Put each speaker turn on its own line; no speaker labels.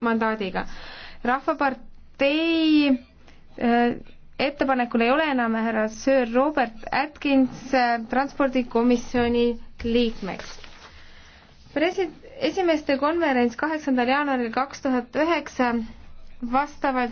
mandaadiga. rahvapartei äh, ettepanekul ei ole enam härra Sir Robert Atkins äh, transpordikomisjoni liikmeks. president, esimeste konverents kaheksandal jaanuaril kaks
tuhat üheksa vastavalt